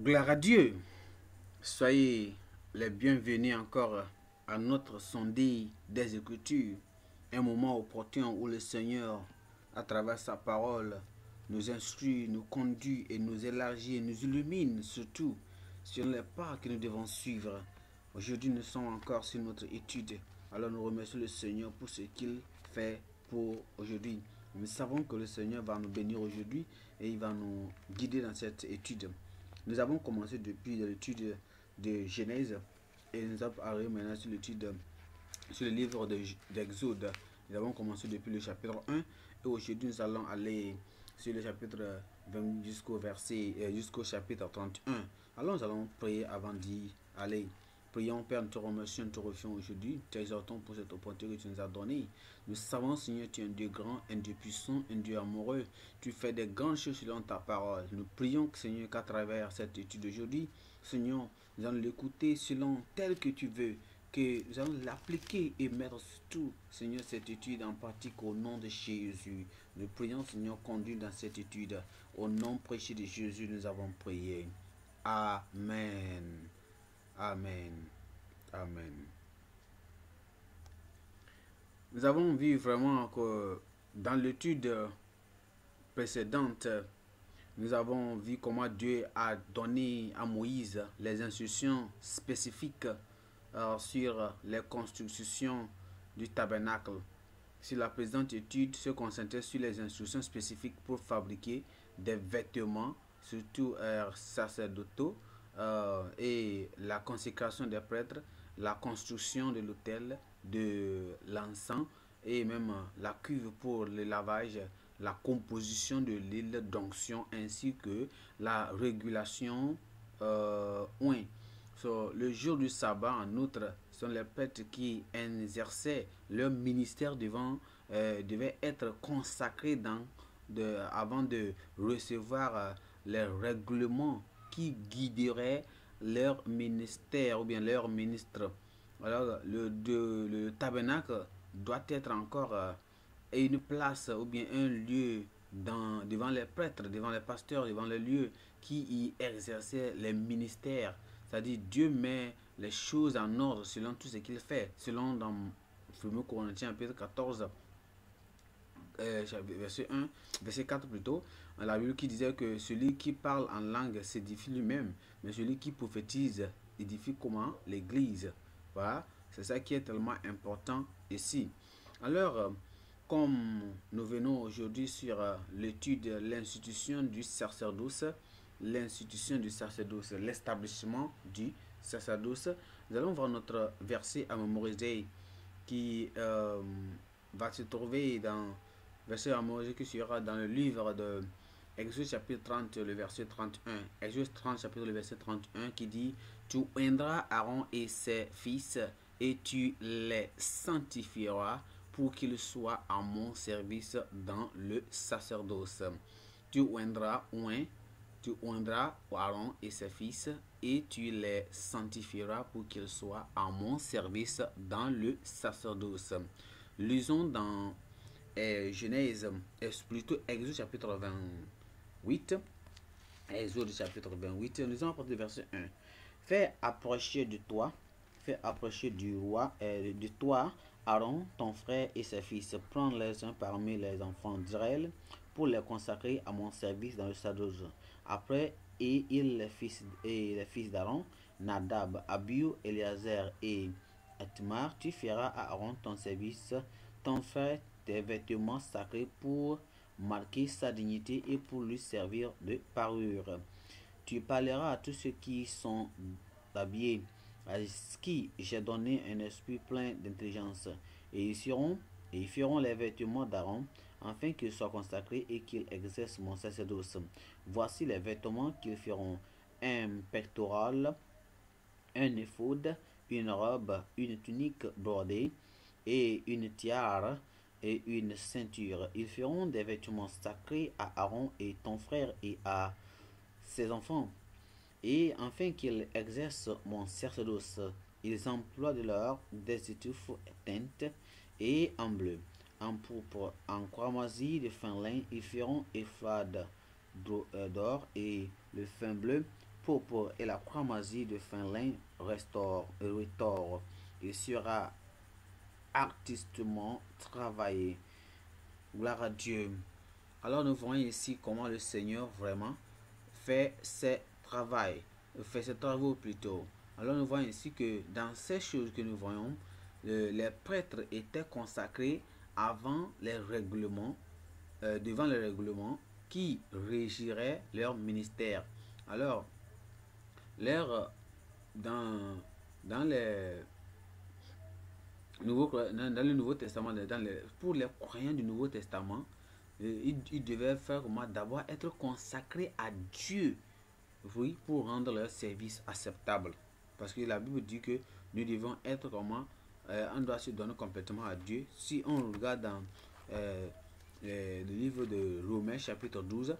Gloire à Dieu. Soyez les bienvenus encore à notre sondée des Écritures, un moment opportun où le Seigneur, à travers sa parole, nous instruit, nous conduit et nous élargit et nous illumine surtout sur les pas que nous devons suivre. Aujourd'hui, nous sommes encore sur notre étude. Alors nous remercions le Seigneur pour ce qu'il fait pour aujourd'hui. Nous savons que le Seigneur va nous bénir aujourd'hui et il va nous guider dans cette étude. Nous avons commencé depuis l'étude de Genèse et nous avons maintenant sur l'étude sur le livre d'Exode. nous avons commencé depuis le chapitre 1 et aujourd'hui nous allons aller sur le chapitre 20 jusqu'au verset euh, jusqu'au chapitre 31. Alors nous allons prier avant d'y aller. Prions, Père, nous te remercions, nous te refions aujourd'hui. Te exhortons pour cette opportunité que tu nous as donnée. Nous savons, Seigneur, tu es un Dieu grand, un Dieu puissant, un Dieu amoureux. Tu fais des grandes choses selon ta parole. Nous prions, Seigneur, qu'à travers cette étude aujourd'hui, Seigneur, nous allons l'écouter selon tel que tu veux que nous allons l'appliquer et mettre tout, Seigneur, cette étude en pratique au nom de Jésus. Nous prions, Seigneur, conduit dans cette étude. Au nom prêché de Jésus, nous avons prié. Amen. Amen. Amen. Nous avons vu vraiment que dans l'étude précédente, nous avons vu comment Dieu a donné à Moïse les instructions spécifiques euh, sur les constructions du tabernacle. si la présente étude se concentrait sur les instructions spécifiques pour fabriquer des vêtements, surtout euh, sacerdotaux, euh, et la consécration des prêtres, la construction de l'autel, de l'encens et même euh, la cuve pour le lavage, la composition de l'île d'onction ainsi que la régulation euh, le jour du sabbat, en outre, sont les prêtres qui exerçaient leur ministère devant, euh, devaient être consacrés dans, de, avant de recevoir les règlements qui guiderait leur ministère ou bien leur ministre. Alors, le, le tabernacle doit être encore euh, une place ou bien un lieu dans, devant les prêtres, devant les pasteurs, devant les lieux qui y exerçaient les ministères. C'est-à-dire, Dieu met les choses en ordre selon tout ce qu'il fait, selon dans 1 Corinthiens, 14, euh, verset 1, verset 4 plutôt la Bible qui disait que celui qui parle en langue s'édifie lui-même, mais celui qui prophétise édifie comment l'Église. Voilà, c'est ça qui est tellement important ici. Alors, euh, comme nous venons aujourd'hui sur euh, l'étude l'institution du sacerdoce, l'institution du sacerdoce, l'établissement du sacerdoce, nous allons voir notre verset à mémoriser qui euh, va se trouver dans verset à mémoriser qui sera dans le livre de Exode chapitre 30, le verset 31. Exode 30, chapitre le verset 31 qui dit Tu oindras Aaron et ses fils et tu les sanctifieras pour qu'ils soient à mon service dans le sacerdoce. Tu oindras, tu Aaron et ses fils et tu les sanctifieras pour qu'ils soient à mon service dans le sacerdoce. Lisons dans euh, Genèse, euh, plutôt Exode chapitre 20. 8. Exode chapitre 28, nous du verset 1. Fais approcher de toi, fais approcher du roi, euh, de toi, Aaron, ton frère et ses fils. Prends-les uns parmi les enfants d'Israël pour les consacrer à mon service dans le Sadoz. Après, et les fils, et les fils d'Aaron, Nadab, Abiu, Eliezer et Atmar, tu feras à Aaron ton service, ton frère, tes vêtements sacrés pour marquer sa dignité et pour lui servir de parure. Tu parleras à tous ceux qui sont habillés, à qui j'ai donné un esprit plein d'intelligence, et ils et feront les vêtements d'Aaron, afin qu'ils soient consacrés et qu'ils exercent mon sacerdoce. Voici les vêtements qu'ils feront un pectoral, un éphode, une robe, une tunique bordée et une tiare et une ceinture. Ils feront des vêtements sacrés à Aaron et ton frère et à ses enfants. Et enfin, qu'ils exercent mon d'os. ils emploient de l'or, des étouffes teintes et en bleu, en pourpre, en cramoisi de fin lin. Ils feront effade euh, d'or et le fin bleu, pourpre et la cramoisie de fin lin restaure, et Il sera artistement travaillé. Gloire à Dieu. Alors nous voyons ici comment le Seigneur vraiment fait ses travaux, fait ses travaux plutôt. Alors nous voyons ici que dans ces choses que nous voyons, les prêtres étaient consacrés avant les règlements, euh, devant les règlements qui régiraient leur ministère. Alors, leur, dans, dans les nouveau, dans le Nouveau Testament, dans les, pour les croyants du Nouveau Testament, euh, ils, devaient faire comment D'abord être consacrés à Dieu oui, pour rendre leur service acceptable. Parce que la Bible dit que nous devons être comment euh, On doit se donner complètement à Dieu. Si on regarde dans euh, le livre de Romains chapitre 12,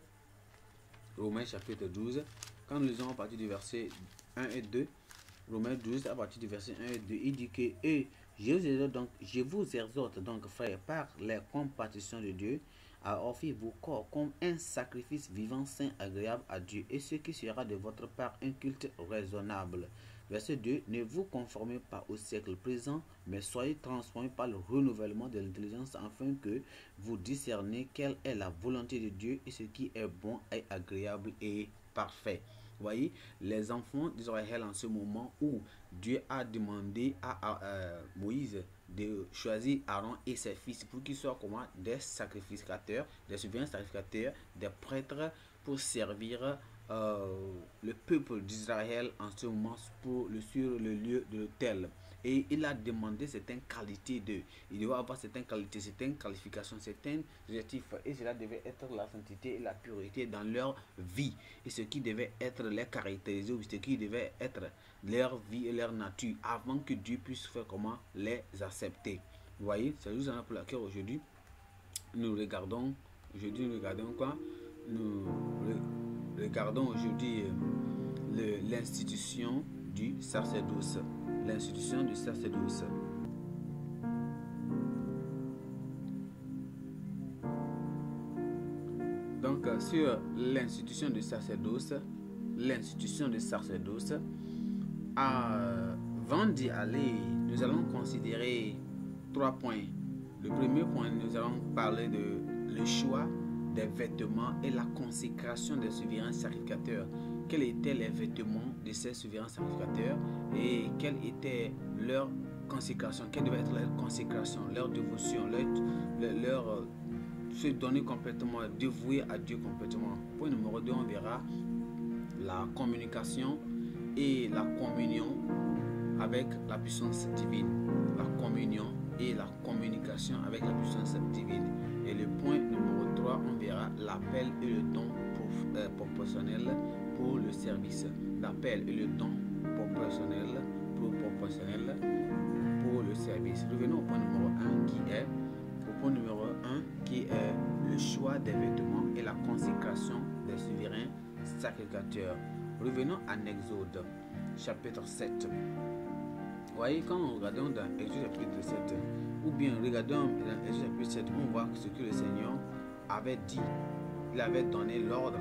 Romains chapitre 12, quand nous lisons à partir du verset 1 et 2, Romains 12 à partir du verset 1 et 2, il dit que... Et, je vous, exhorte donc, je vous donc, frères, par les compatitions de Dieu, à offrir vos corps comme un sacrifice vivant, saint, agréable à Dieu, et ce qui sera de votre part un culte raisonnable. Verset 2. Ne vous conformez pas au siècle présent, mais soyez transformés par le renouvellement de l'intelligence afin que vous discerniez quelle est la volonté de Dieu et ce qui est bon et agréable et parfait. voyez, les enfants d'Israël en ce moment où Dieu a demandé à, euh, Moïse de choisir Aaron et ses fils pour qu'ils soient comment des sacrificateurs, des souverains sacrificateurs, des prêtres pour servir euh, le peuple d'Israël en ce moment pour le, sur le lieu de l'autel. Et il a demandé certaines qualités de. Il doit avoir certaines qualités, certaines qualifications, certains objectifs. Et cela devait être la sainteté et la pureté dans leur vie. Et ce qui devait être les caractériser, ou ce qui devait être leur vie et leur nature, avant que Dieu puisse faire comment les accepter. Vous voyez, c'est juste pour laquelle aujourd'hui, nous regardons. Aujourd'hui, nous regardons quoi Nous regardons aujourd'hui euh, l'institution du sacerdoce l'institution du sacerdoce. Donc, euh, sur l'institution du sacerdoce, l'institution du sacerdoce, avant euh, d'y aller, nous allons considérer trois points. Le premier point, nous allons parler de le choix des vêtements et la consécration des souverains sacrificateurs quels étaient les vêtements de ces souverains sacrificateurs et quelle était leur consécration, quelle devait être leur consécration, leur dévotion, leur, se donner complètement, dévouer à Dieu complètement. Point numéro 2, on verra la communication et la communion avec la puissance divine. La communion et la communication avec la puissance divine. Et le point numéro 3, on verra l'appel et le don euh, proportionnel pour le service d'appel et le temps proportionnel, pour proportionnel pour le service. Revenons au point numéro 1 qui est au point numéro 1 qui est le choix des vêtements et la consécration des souverains sacrificateurs. Revenons à Exode chapitre 7. voyez, quand nous regardons dans Exode chapitre 7, ou bien regardons dans Exode chapitre 7, on voit ce que le Seigneur avait dit. Il avait donné l'ordre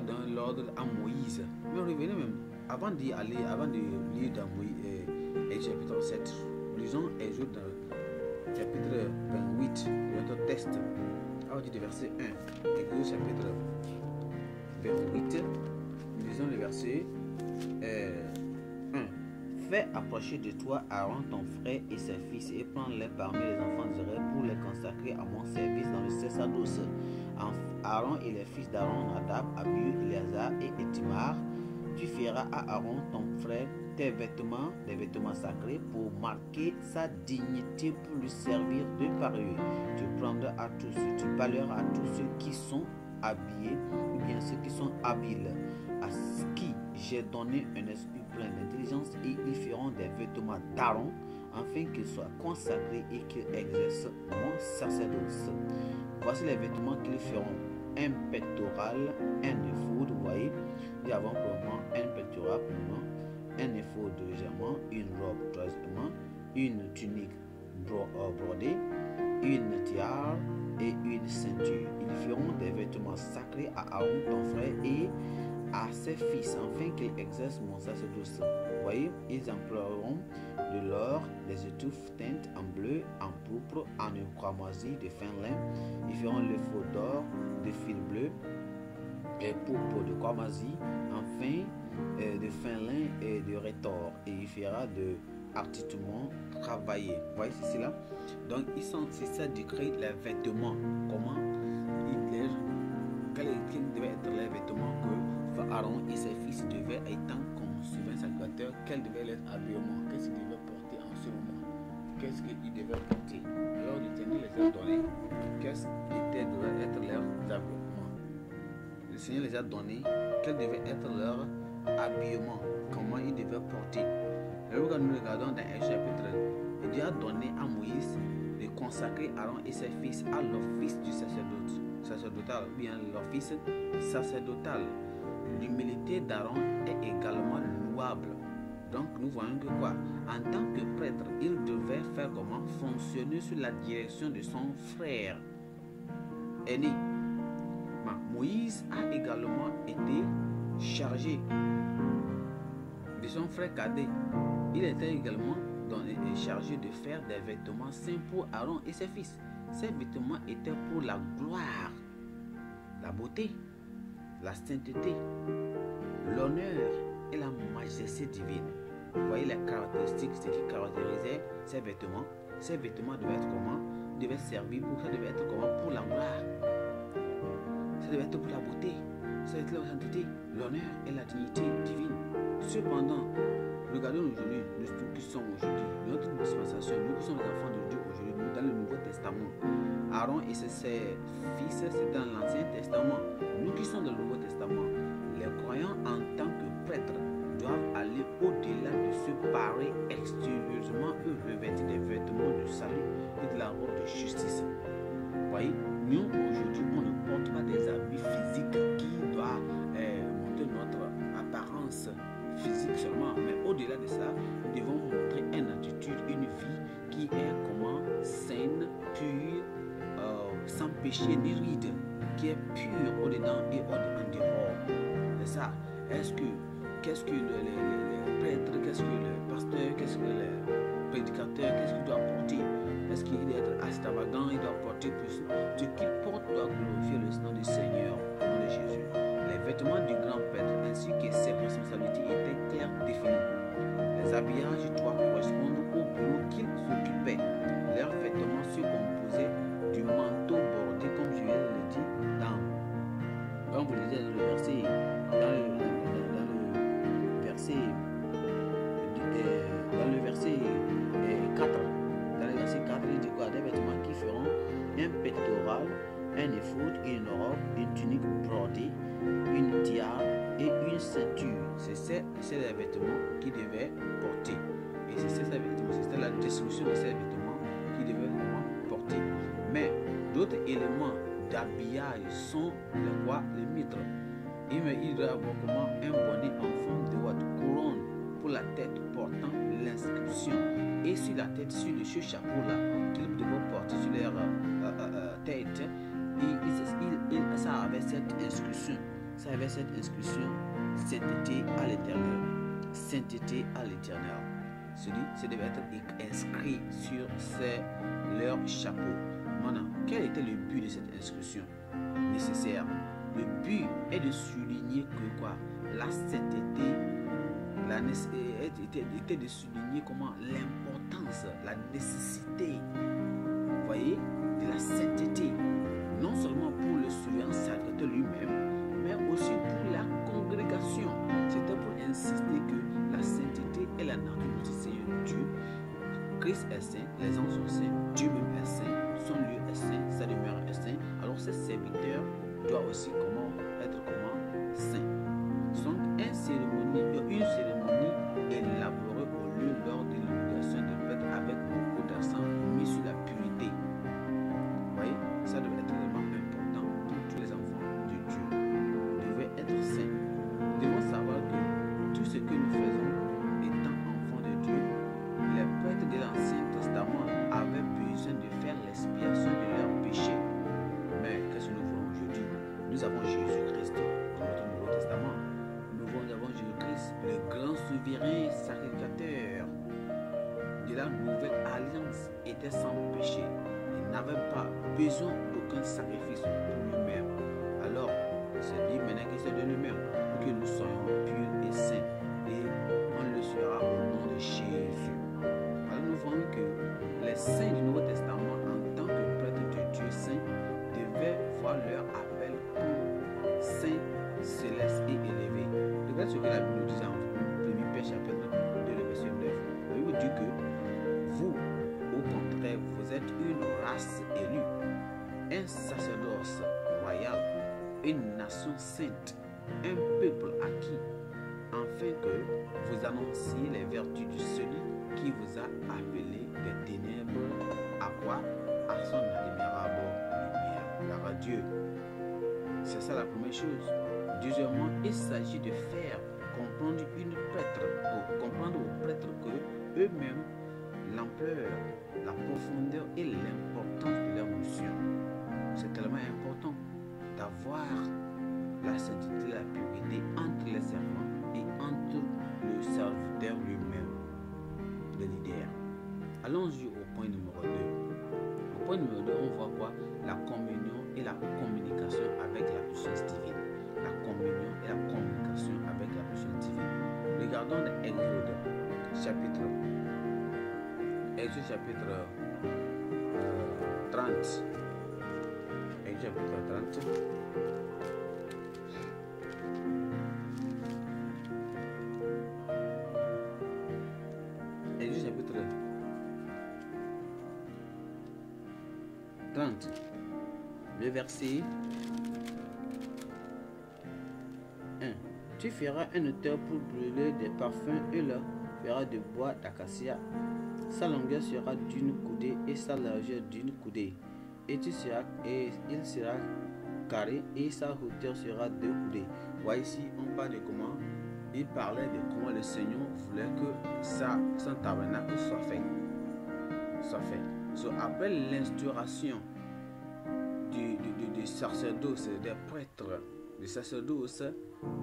dans l'ordre à Moïse. Mais revenez même, avant d'y aller, avant de lire dans Moïse, euh, et chapitre 7, lisons Exode dans chapitre 28, notre texte, à partir du verset 1. Exode chapitre 28, lisons le verset euh, 1. Fais approcher de toi Aaron ton frère et ses fils et prends-les parmi les enfants d'Israël pour les consacrer à mon service dans le sacerdoce. Enfin, Aaron et les fils d'Aaron, Nadab, Abihu, Eleazar et Etimar, tu feras à Aaron ton frère tes vêtements, des vêtements sacrés, pour marquer sa dignité, pour lui servir de par eux. Tu prendras à tous, tu parleras à tous ceux qui sont habillés, ou bien ceux qui sont habiles, à ce qui j'ai donné un esprit plein d'intelligence, et ils feront des vêtements d'Aaron, afin qu'ils soient consacrés et qu'ils exercent mon sacerdoce. Voici les vêtements qu'ils feront. Un pectoral, un effort, vous voyez. Nous avons un pectoral, premièrement, un deuxièmement, une robe, troisièmement, une tunique euh, brodée, une tiare et une ceinture. Ils feront des vêtements sacrés à Aaron, ton frère, et à ses fils, afin qu'ils exercent mon sacerdoce. Vous voyez, ils emploieront de l'or, les étouffes teintes en bleu, en pourpre, en une moisie, de fin lin. Ils feront le faux d'or, de fil bleu, et pourpre de cramoisi, enfin euh, de fin lin et de rétor. Et il fera de artitement travaillé. Vous voyez, ceci cela. Donc, ils sont, c'est ça de créer les vêtements. Comment Hitler, quel, devait être les vêtements que Pharaon et ses fils devaient, étant comme souverain sacrateur quel devait être l'habillement Qu'est-ce qu'est-ce qu'ils devaient porter. Alors le Seigneur les a donné Qu'est-ce qui devait être leur habillement Le Seigneur les a donné. Quel devait être leur habillement Comment ils devaient porter nous regardons dans un chapitre, Dieu a donné à Moïse de consacrer Aaron et ses fils à l'office du sacerdote sacerdotal, bien l'office sacerdotal. L'humilité d'Aaron est également louable donc nous voyons que quoi En tant que prêtre, il devait faire comment Fonctionner sous la direction de son frère aîné. Moïse a également été chargé de son frère cadet. Il était également chargé de faire des vêtements saints pour Aaron et ses fils. Ces vêtements étaient pour la gloire, la beauté, la sainteté, l'honneur et la majesté divine. Vous voyez les caractéristiques, qui caractérisait ces vêtements. Ces vêtements devaient être comment Devaient servir pour ça devait être comment Pour gloire. Ça devait être pour la beauté. Ça devait être l'honneur et la dignité divine. Cependant, regardons aujourd'hui, nous qui sommes aujourd'hui, notre dispensation, nous qui sommes les enfants de Dieu aujourd'hui, nous dans le Nouveau Testament. Aaron et ses fils, c'est dans l'Ancien Testament. Nous qui sommes dans le Nouveau Testament, les croyants en paraît extérieurement être des vêtements de salut et de la robe de justice. Voyez, nous aujourd'hui, on ne porte pas des habits physiques qui doivent euh, notre apparence physique seulement, mais au-delà de ça, nous devons montrer une attitude, une vie qui est comment saine, pure, euh, sans péché ni ride, qui est pure au-dedans et au delà dehors. C'est ça. Est-ce que qu'est-ce que le, prêtres prêtre, qu'est-ce que le pasteur, qu'est-ce que le prédicateur, qu'est-ce qu'il doit porter. Est-ce qu'il doit être extravagant, il doit porter plus. Ce qu'il porte doit glorifier le nom du Seigneur, le nom de Jésus. Les vêtements du grand prêtre ainsi que ses responsabilités étaient clairement définis. Les habillages doivent correspondre au boulot qu'ils occupaient. Leurs vêtements se C'est ces vêtements qui devaient porter. Et c'est ces vêtements, c'était la destruction de ces vêtements qui devaient porter. Mais d'autres éléments d'habillage sont le roi, le mitre. Il doit avoir un bonnet en forme de de couronne pour la tête portant l'inscription. Et sur la tête, sur le chapeau là, hein, qu'ils devaient porter sur leur euh, euh, euh, tête, et, et, ça avait cette inscription avait cette inscription sainteté à l'éternel. Sainteté à l'éternel. Ça devait être inscrit sur ses, leur chapeau. Maintenant, quel était le but de cette inscription nécessaire Le but est de souligner que quoi La sainteté la, était, de souligner comment l'importance, la nécessité, vous voyez, de la sainteté, non seulement pour le souverain sacré lui-même, aussi pour la congrégation. C'était pour insister que la sainteté est la nature du Seigneur Dieu. Christ est saint, les anges sont saints, Dieu même est saint, son lieu est saint, sa demeure est saint. Alors ses serviteurs doivent aussi comment être comme une nation sainte, un peuple acquis, afin que vous annonciez les vertus du celui qui vous a appelé des ténèbres à quoi À son admirable lumière. Dieu. C'est ça la première chose. Deuxièmement, il s'agit de faire comprendre une prêtre, ou comprendre aux prêtres que eux-mêmes l'ampleur, la profondeur et l'importance de leur mission. C'est tellement important voir la sainteté, la pureté entre les servants et entre le serviteur lui-même, le leader. Allons-y au point numéro 2. Au point numéro 2, on voit quoi La communion et la communication avec la puissance divine. La communion et la communication avec la puissance divine. Regardons l'Exode, chapitre. Exode chapitre 30. Euh, 30. Et peu 30. Le verset 1. Tu feras un auteur pour brûler des parfums et le verra de bois d'acacia. Sa longueur sera d'une coudée et sa largeur d'une coudée et tu seras, et il sera carré et sa hauteur sera deux coudées. Voici, on parle de comment il parlait de comment le Seigneur voulait que sa, son tabernacle soit fait. Soit fait. après l'instauration du, du, sacerdoce, des prêtres, du sacerdoce,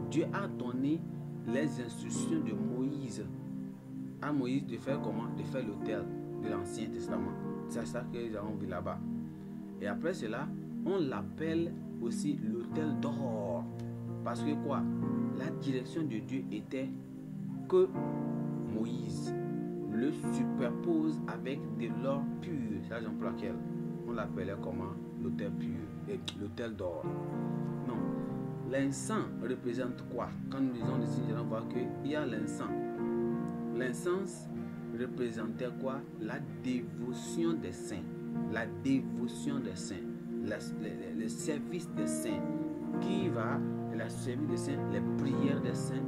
Dieu a donné les instructions de Moïse à Moïse de faire comment De faire l'autel de l'Ancien Testament. C'est ça que nous avons vu là-bas. Et après cela, on l'appelle aussi l'autel d'or. Parce que quoi La direction de Dieu était que Moïse le superpose avec de l'or pur. C'est on l'appelait comment L'autel pur, et euh, l'autel d'or. Non. L'encens représente quoi Quand nous disons ici, signe, on voit qu'il y a l'encens. L'encens représentait quoi La dévotion des saints. La dévotion des saints. le, service des saints. Qui va La service des saints, les prières des saints.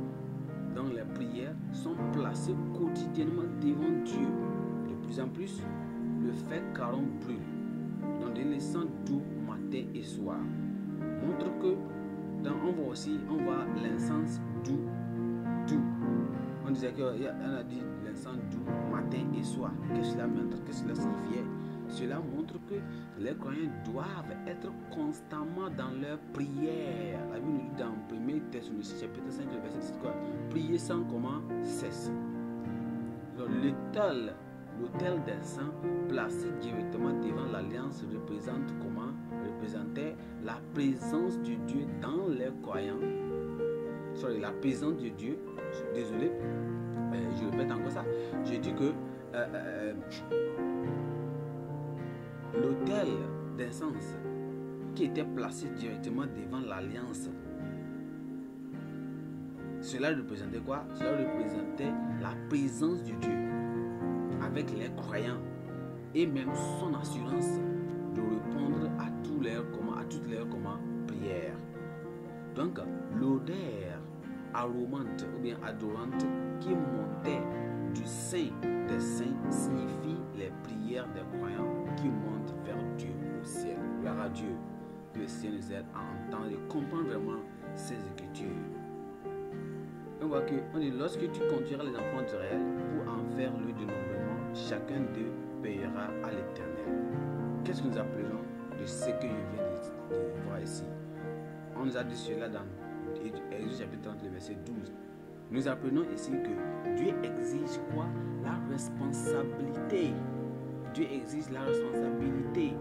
dans les prières sont placées quotidiennement devant Dieu. De plus en plus, le fait qu'Aaron brûle dans des doux matin et soir montre que dans, on voit aussi on voit l'incense doux doux on disait qu'on a dit l'incense doux et soi Que cela montre, que cela signifie. Cela montre que les croyants doivent être constamment dans leur prière. La Bible nous dit dans 1 chapitre 5, verset 6 quoi Prier sans comment cesse. L'autel, l'autel des saints placé directement devant l'alliance représente comment représentait la présence de Dieu dans les croyants. Sorry, la présence de Dieu, désolé, je répète encore ça. Je dis que euh, euh, euh l'autel d'essence qui était placé directement devant l'alliance, cela représentait quoi Cela représentait la présence de Dieu avec les croyants et même son assurance de répondre à, à toutes leurs prières. Donc, l'odeur aromante ou bien adorante qui montait du sein des saints signifie les prières des croyants qui montent vers Dieu au ciel. Gloire à Dieu. Que le Seigneur nous aide à entendre et comprendre vraiment ces écritures. On voit que on lorsque tu conduiras les enfants d'Israël pour en faire le dénombrement, chacun d'eux payera à l'éternel. Qu'est-ce que nous appelons de ce que je viens de, de voir ici On nous a dit cela dans Exode chapitre 30, verset 12. Nous apprenons ici que Dieu exige quoi La responsabilité. Dieu exige la responsabilité.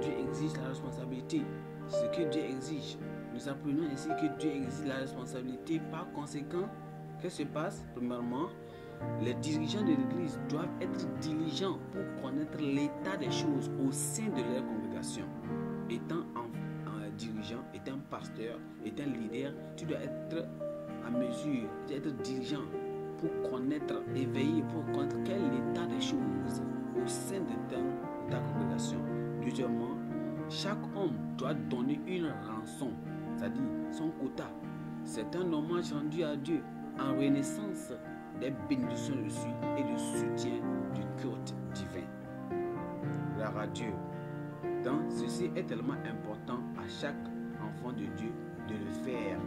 Dieu exige la responsabilité. Ce que Dieu exige. Nous apprenons ici que Dieu exige la responsabilité. Par conséquent, qu'est-ce qui se passe Premièrement, les dirigeants de l'Église doivent être diligents pour connaître l'état des choses au sein de leur congrégation. Étant en dirigeant, pasteur et un leader, tu dois être à mesure, d'être dirigeant pour connaître, éveiller, pour connaître quel est l'état des choses au sein de ta, congrégation. Deuxièmement, chaque homme doit donner une rançon, c'est-à-dire son quota. C'est un hommage rendu à Dieu en renaissance des bénédictions reçues et du soutien du culte divin. La radio dans ceci est tellement important à chaque de Dieu de le faire,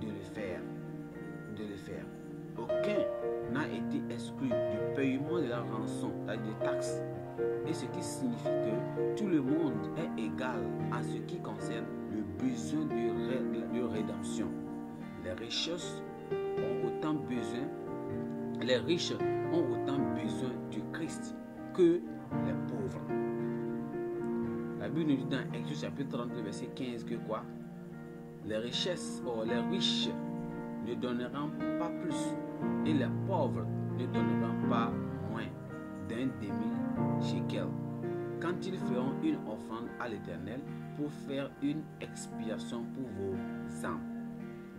de le faire, de le faire. Aucun n'a été exclu du paiement de la rançon, des taxes. Et ce qui signifie que tout le monde est égal à ce qui concerne le besoin de, règle de rédemption. Les richesses ont autant besoin, les riches ont autant besoin du Christ que les pauvres. La Bible nous dit dans Exode chapitre 32 verset 15 que quoi les richesses, les riches ne donneront pas plus et les pauvres ne donneront pas moins d'un demi shekel quand ils feront une offrande à l'Éternel pour faire une expiation pour vos sangs.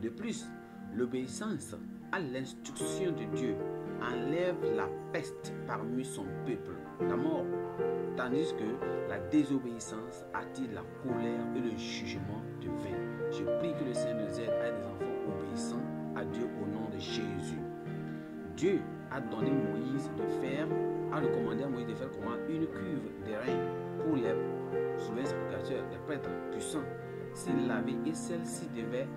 De plus, l'obéissance à l'instruction de Dieu enlève la peste parmi son peuple, la mort, tandis que la désobéissance attire la colère et le jugement divin. Je prie que le Seigneur nous aide à des enfants obéissants à Dieu au nom de Jésus. Dieu a donné Moïse de faire, a recommandé à Moïse de faire comment une cuve de rein pour les souverains sacrificateurs, les prêtres puissants, s'il vie et celle-ci devait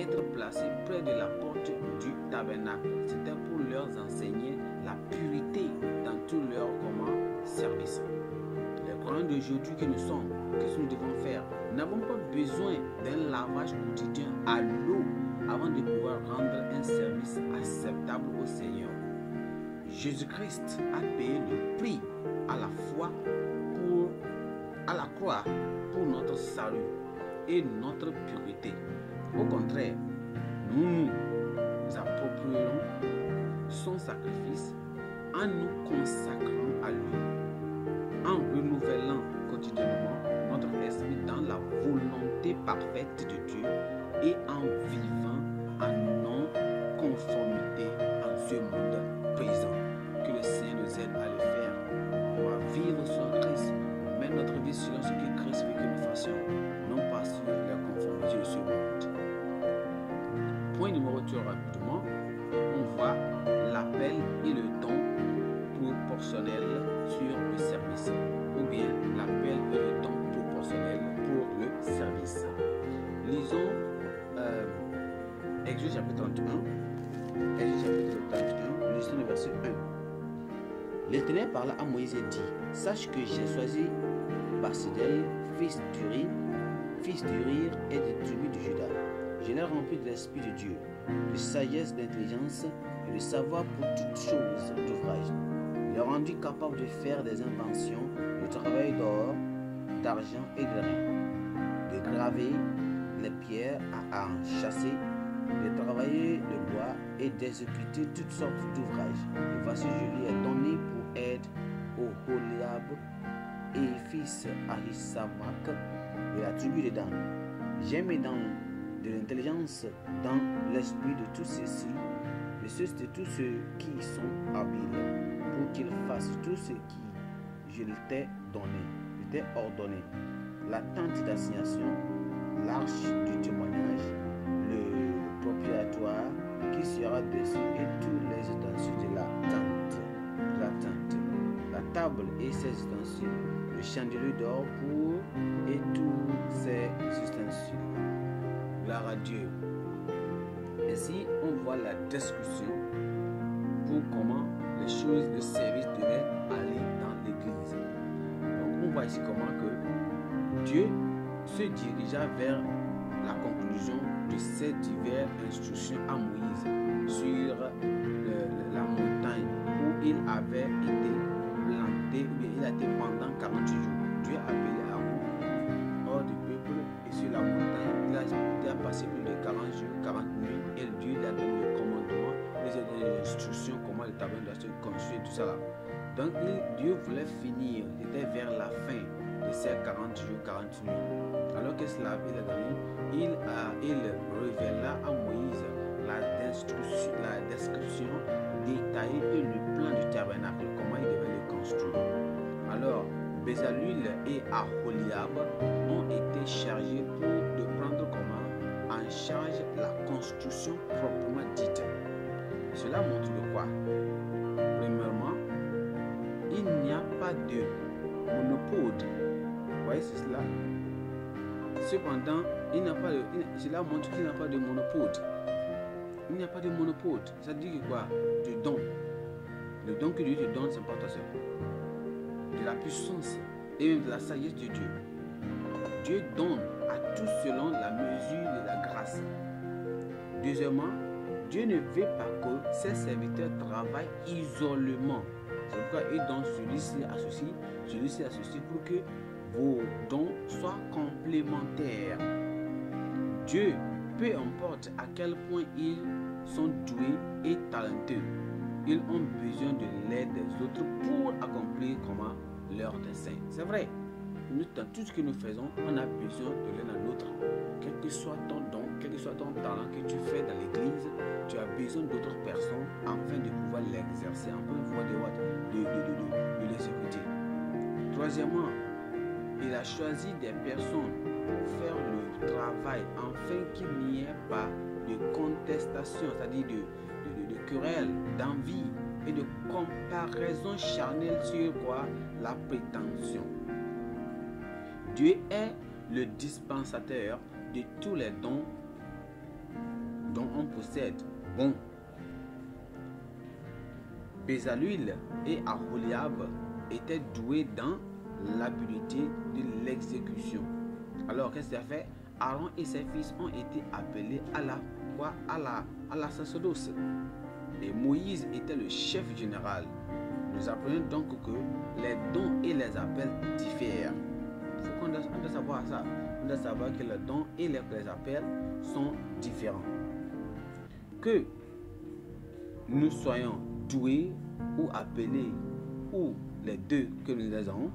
être placés près de la porte du tabernacle. C'était pour leur enseigner la purité dans tous leurs comment services. Les croyants d'aujourd'hui que nous sommes, qu'est-ce que nous devons faire Nous n'avons pas besoin d'un lavage quotidien à l'eau avant de pouvoir rendre un service acceptable au Seigneur. Jésus-Christ a payé le prix à la foi pour à la croix pour notre salut et notre purité. Au contraire, nous nous approprions son sacrifice en nous consacrant à lui, en renouvelant quotidiennement notre esprit dans la volonté parfaite de Dieu et en vivant à nous. à Moïse dit Sache que j'ai choisi Barcidel, fils rire, fils rire et de tribu du judas. Je l'ai rempli de l'Esprit de Dieu, de sagesse, d'intelligence et de savoir pour toutes choses d'ouvrage. Il l'a rendu capable de faire des inventions, de travail d'or, d'argent et de rien, de graver les pierres à chasser, de travailler le bois et d'exécuter toutes sortes d'ouvrages. Le voici, je lui ai donné pour aide Holiab, et fils Ahisamak de la tribu de Dan. J'ai dans de l'intelligence dans l'esprit de tous ceux-ci, de, ceux, de tous ceux qui sont habiles, pour qu'ils fassent tout ce qui je t'ai donné, je t'ai ordonné. La tente d'assignation, l'arche du témoignage, le propriétaire qui sera dessus et tous les états de la tente table et ses ustensiles, le chandelier d'or pour et tous ses ustensiles. Gloire à Dieu. Ainsi, on voit la discussion pour comment les choses de service devaient aller dans l'Église. Donc, on voit ici comment que Dieu se dirigea vers la conclusion de ces divers instructions à Moïse sur la montagne où il avait 40 jours, Dieu a appelé à Aaron hors du peuple et sur la montagne. Il a, passé plus de 40 jours, 40 nuits et Dieu lui a donné le commandement, les instructions comment le tabernacle doit se construire, tout ça Donc Dieu voulait finir, il était vers la fin de ces 40 jours, 40 nuits. Alors que cela avait donné, il, a, il révéla à Moïse la, la description détaillée et le plan du tabernacle, comment il devait le construire. Alors, Bézalul et Aholiab ont été chargés pour de prendre comment en charge la construction proprement dite. Cela montre de quoi Premièrement, il n'y a pas de monopode. Vous voyez cela Cependant, cela montre qu'il n'y a pas de monopode. Il n'y a pas de monopode. Ça dit quoi Du don. Le don que Dieu te donne, c'est pas toi seul puissance et même de la sagesse de Dieu. Dieu donne à tous selon la mesure de la grâce. Deuxièmement, Dieu ne veut pas que ses serviteurs travaillent isolément. C'est pourquoi il donne celui-ci à ceci, celui-ci à ceci, pour que vos dons soient complémentaires. Dieu, peu importe à quel point ils sont doués et talentueux, ils ont besoin de l'aide des autres pour accomplir comment leur dessein. C'est vrai, nous, tout ce que nous faisons, on a besoin de l'un à l'autre. Quel que soit ton don, quel que soit ton talent que tu fais dans l'église, tu as besoin d'autres personnes afin de pouvoir l'exercer, afin de pouvoir de, de, de, de les écouter. Troisièmement, il a choisi des personnes pour faire le travail afin qu'il n'y ait pas de contestation, c'est-à-dire de, de, de querelle, d'envie, de comparaison charnelle sur quoi La prétention. Dieu est le dispensateur de tous les dons dont on possède. Bon. l'huile et Aholiab étaient doués dans l'habileté de l'exécution. Alors qu'est-ce qu'il a fait Aaron et ses fils ont été appelés à la quoi à la à la sacerdoce et Moïse était le chef général. Nous apprenons donc que les dons et les appels diffèrent. Faut on, doit, savoir ça. On doit savoir que les dons et les, les appels sont différents. Que nous soyons doués ou appelés ou les deux que nous les avons,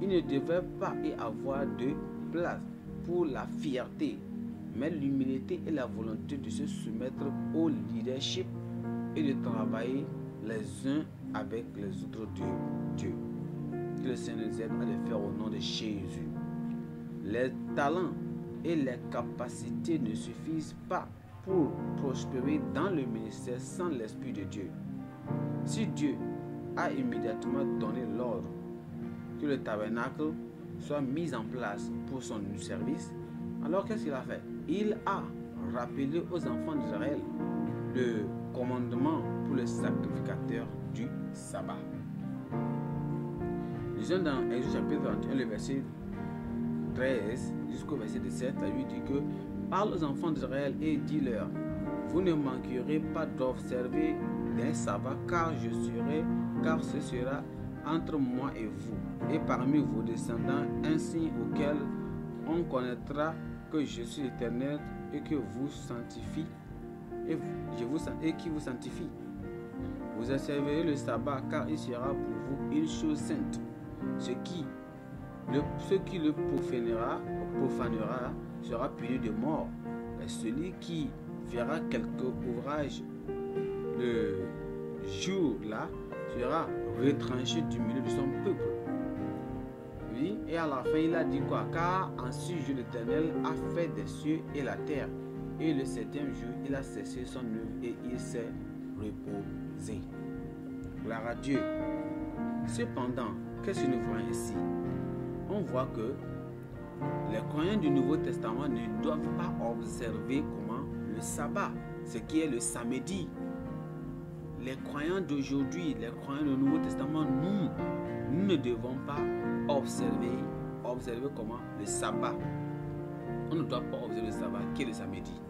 il ne devrait pas y avoir de place pour la fierté, mais l'humilité et la volonté de se soumettre au leadership et de travailler les uns avec les autres de Dieu. Que le Seigneur nous aide à faire au nom de Jésus. Les talents et les capacités ne suffisent pas pour prospérer dans le ministère sans l'Esprit de Dieu. Si Dieu a immédiatement donné l'ordre que le tabernacle soit mis en place pour son service, alors qu'est-ce qu'il a fait Il a rappelé aux enfants d'Israël de commandement pour les sacrificateurs du sabbat. Lisons dans Exode chapitre 21, le verset 13 jusqu'au verset 17, à lui dit que Parle aux enfants d'Israël et dis-leur Vous ne manquerez pas d'observer d'un sabbat, car je serai, car ce sera entre moi et vous, et parmi vos descendants, ainsi auquel on connaîtra que je suis éternel et que vous sanctifiez et, qui vous sanctifie. Vous observerez le sabbat car il sera pour vous une chose sainte. Ce qui le, profanera, sera puni de mort. Et celui qui verra quelque ouvrage le jour-là sera retranché du milieu de son peuple. Oui, et à la fin, il a dit quoi Car ainsi sujet l'Éternel a fait des cieux et la terre, et le septième jour, il a cessé son œuvre et il s'est reposé. Gloire à Dieu. Cependant, qu'est-ce que nous voyons ici On voit que les croyants du Nouveau Testament ne doivent pas observer comment le sabbat, ce qui est le samedi. Les croyants d'aujourd'hui, les croyants du Nouveau Testament, nous, nous ne devons pas observer, observer comment le sabbat. On ne doit pas observer le sabbat qui est le samedi.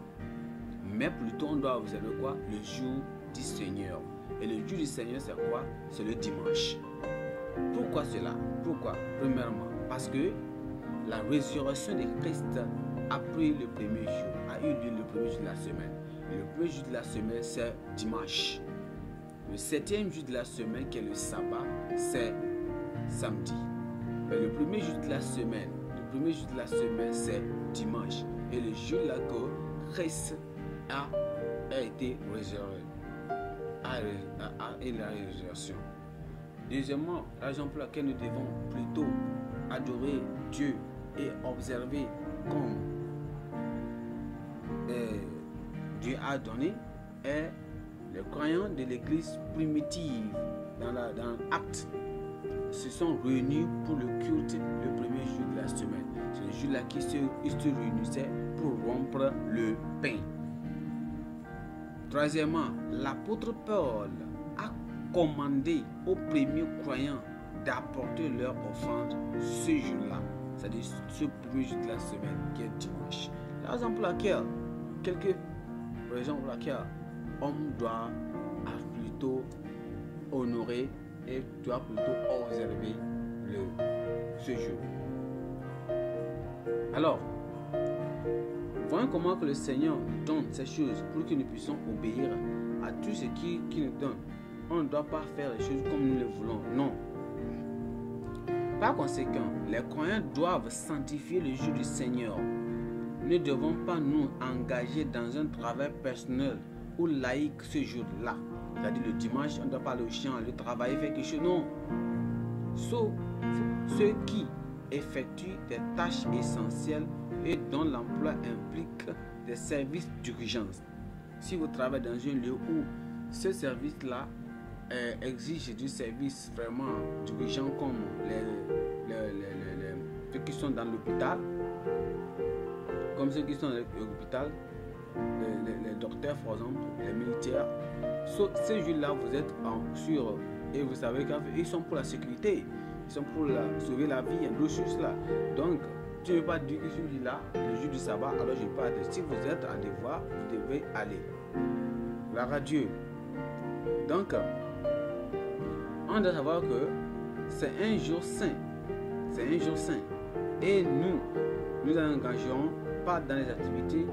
Mais plutôt, on doit observer quoi Le jour du Seigneur. Et le jour du Seigneur, c'est quoi C'est le dimanche. Pourquoi cela Pourquoi Premièrement, parce que la résurrection de Christ a pris le premier jour, a eu lieu le premier jour de la semaine. Et le premier jour de la semaine, c'est dimanche. Le septième jour de la semaine, qui est le sabbat, c'est samedi. Mais le premier jour de la semaine, le premier de la semaine, c'est dimanche. Et le jour là que Christ a, a été réservé. À, à, la résurrection. Deuxièmement, raison pour laquelle nous devons plutôt adorer Dieu et observer comme euh, Dieu a donné est les croyants de l'église primitive dans, la, l'acte se sont réunis pour le culte le premier jour de la semaine. C'est le jour-là qu'ils se, se réunissaient pour rompre le pain. Troisièmement, l'apôtre Paul a commandé aux premiers croyants d'apporter leur offrande ce jour-là, c'est-à-dire ce premier jour de la semaine qui est dimanche. La raison pour laquelle, quelques raisons pour laquelle on doit plutôt honorer et doit plutôt observer le, ce jour. Alors, comment que le Seigneur donne ces choses pour que nous puissions obéir à tout ce qu'il qui nous donne. On ne doit pas faire les choses comme nous le voulons, non. Par conséquent, les croyants doivent sanctifier le jour du Seigneur. Nous ne devons pas nous engager dans un travail personnel ou laïque ce jour-là. C'est-à-dire le dimanche, on ne doit pas aller au le travail, faire quelque chose. Non. Sauf ceux qui effectuent des tâches essentielles et dont l'emploi implique des services d'urgence. Si vous travaillez dans un lieu où ce service-là euh, exige du service vraiment d'urgence comme les, ceux qui sont dans l'hôpital, comme ceux qui sont dans l'hôpital, les, docteurs, par exemple, les militaires, ces jours-là, vous êtes en sur et vous savez qu'ils sont pour la sécurité, ils sont pour la, sauver la vie, d'autres choses là. Donc, tu ne veux pas dire que celui-là, le jour du sabbat, alors je parle. Si vous êtes en devoir, vous devez aller. La Dieu. Donc, on doit savoir que c'est un jour saint. C'est un jour saint. Et nous, nous engageons pas dans les activités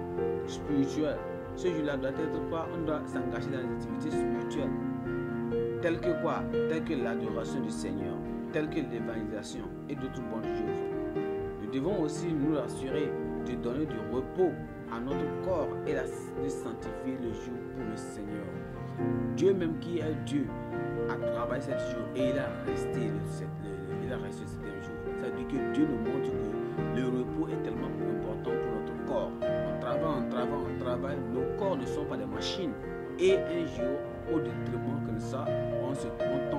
spirituelles. Ce jour-là doit être quoi On doit s'engager dans les activités spirituelles. Telles que quoi Telles que l'adoration du Seigneur, telles que l'évangélisation et d'autres bonnes choses devons aussi nous assurer de donner du repos à notre corps et de sanctifier le jour pour le Seigneur. Dieu même qui est Dieu a travaillé cette jour et il a resté le, septième jour. Ça dit que Dieu nous montre que le repos est tellement important pour notre corps. On travaille, on travaille, on travaille, nos corps ne sont pas des machines. Et un jour, au détriment comme ça, on se compte.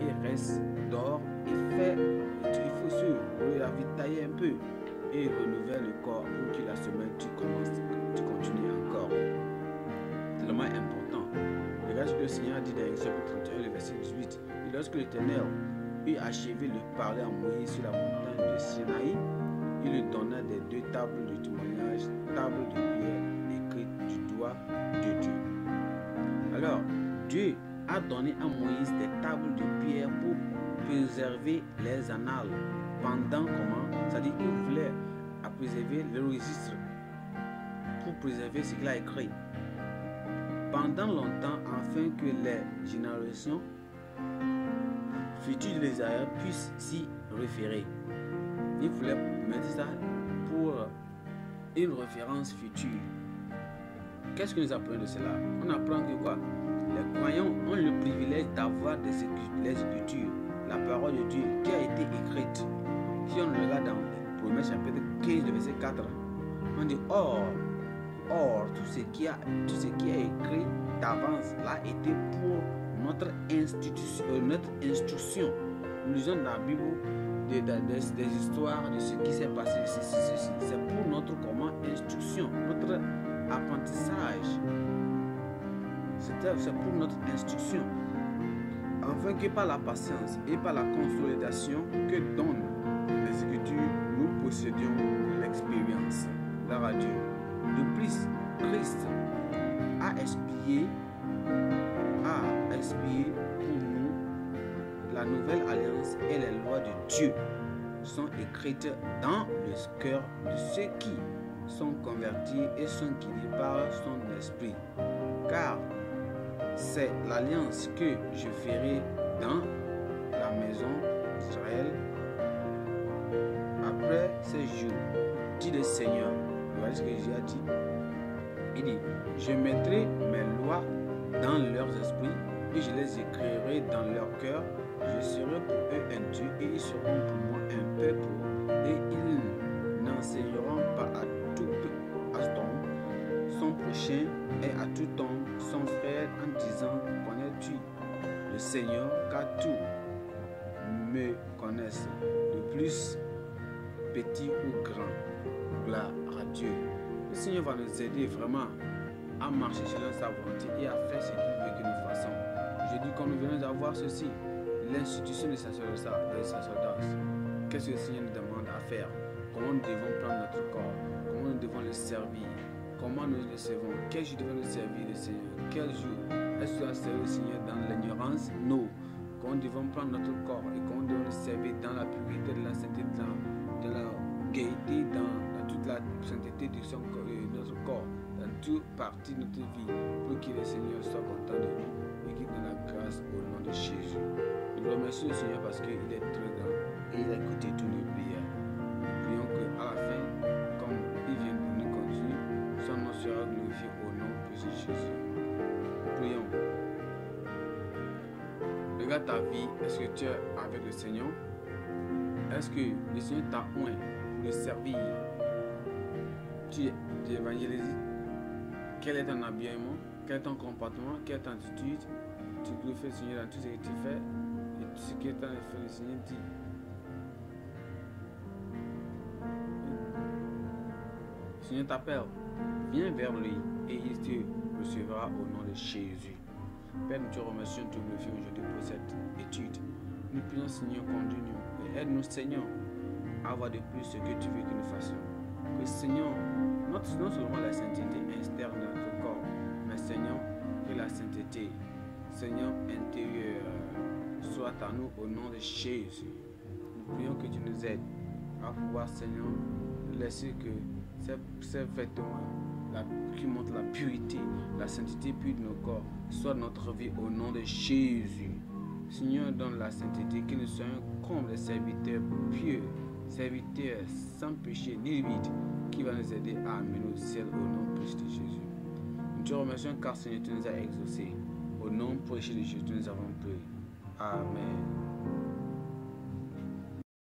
et reste, dort et fait le la vie ravitailler un peu et renouvelle le corps pour que la semaine tu commences, tu continues encore. Tellement important. Regarde ce que le Seigneur dit dans Exode 31, le verset 18. Et lorsque l'Éternel eut achevé de parler à Moïse sur la montagne de Sinaï, il lui donna des deux tables de témoignage, tables de pierre écrites du doigt de Dieu. Alors, Dieu a donné à Moïse des tables de pierre pour préserver les annales. Pendant comment C'est-à-dire qu'il voulait préserver le registre pour préserver ce qu'il a écrit. Pendant longtemps, afin que les générations futures d'Israël puissent s'y référer. Il voulait mettre ça pour une référence future. Qu'est-ce que nous apprenons de cela On apprend que quoi les croyants ont le privilège d'avoir des Écritures, la parole de Dieu qui a été écrite. Si on le regarde dans premier chapitre 15, verset 4, on dit Or, or tout, ce qui a, tout ce qui a écrit d'avance l'a été pour notre, institution, euh, notre instruction. Nous lisons dans la Bible des, des, des, histoires de ce qui s'est passé. C'est pour notre comment instruction, notre apprentissage c'est pour notre instruction, afin que par la patience et par la consolidation que donne les Écritures, nous possédions l'expérience. La radio. De plus, Christ a expié, a pour nous la nouvelle alliance et les lois de Dieu sont écrites dans le cœur de ceux qui sont convertis et sont guidés par son esprit. Car c'est l'alliance que je ferai dans la maison d'Israël après ces jours, dit le Seigneur. voyez ce que j'ai dit. Il dit, je mettrai mes lois dans leurs esprits et je les écrirai dans leur cœur. Je serai pour eux un Dieu et ils seront pour moi un peuple et ils n'enseigneront pas à prochain et à tout temps son frère en disant Connais-tu le Seigneur Car tout me connaissent, de plus petit ou grand. Gloire à Dieu. Le Seigneur va nous aider vraiment à marcher selon sa volonté et à faire ce qu'il veut que nous fassions. Je dis quand nous venons d'avoir ceci, l'institution de sacerdoce, Qu'est-ce que le Seigneur nous demande à faire Comment nous devons prendre notre corps Comment nous devons le servir Comment nous le servons Quel jour devons-nous servir le Seigneur Quel jour Est-ce que servir le Seigneur dans l'ignorance nous, Quand nous devons prendre notre corps et qu'on devons le servir dans la purité de la sainteté, dans, de la gaieté, dans, toute la sainteté de, son, de notre corps, dans toute partie de notre vie, pour que le Seigneur soit content de nous et qu'il donne la grâce au nom de Jésus. Nous remercions le Seigneur parce qu'il est très grand et il a écouté tous nos prières. au nom de Jésus. Prions. Regarde ta vie. Est-ce que tu es avec le Seigneur? Est-ce que le Seigneur t'a oint pour le servir? Tu, tu évangélises? Quel est ton habillement? Quel est ton comportement? Quelle est ton attitude? Tu glorifies le Seigneur dans tout ce que tu fais. Et tout ce que tu as fait, le Seigneur dit le Seigneur t'appelle. Viens vers lui et il te recevra au nom de Jésus. Père, nous te remercions, nous te glorifions aujourd'hui pour cette étude. Nous prions, Seigneur, conduis-nous et aide-nous, Seigneur, à avoir de plus ce que tu veux que nous fassions. Que, Seigneur, notre, non seulement la sainteté externe de notre corps, mais, Seigneur, que la sainteté, Seigneur, intérieure, soit à nous au nom de Jésus. Nous prions que tu nous aides à pouvoir, Seigneur, laisser que ces, ces vêtements qui montre la purité, la sainteté pure de nos corps, soit notre vie au nom de Jésus. Seigneur, donne la sainteté, que nous soyons comme les serviteurs pieux, serviteurs sans péché ni limite, qui va nous aider à amener au ciel au nom de Jésus. Nous te remercions car Seigneur, tu nous as exaucés. Au nom de Jésus, nous avons prié. Amen.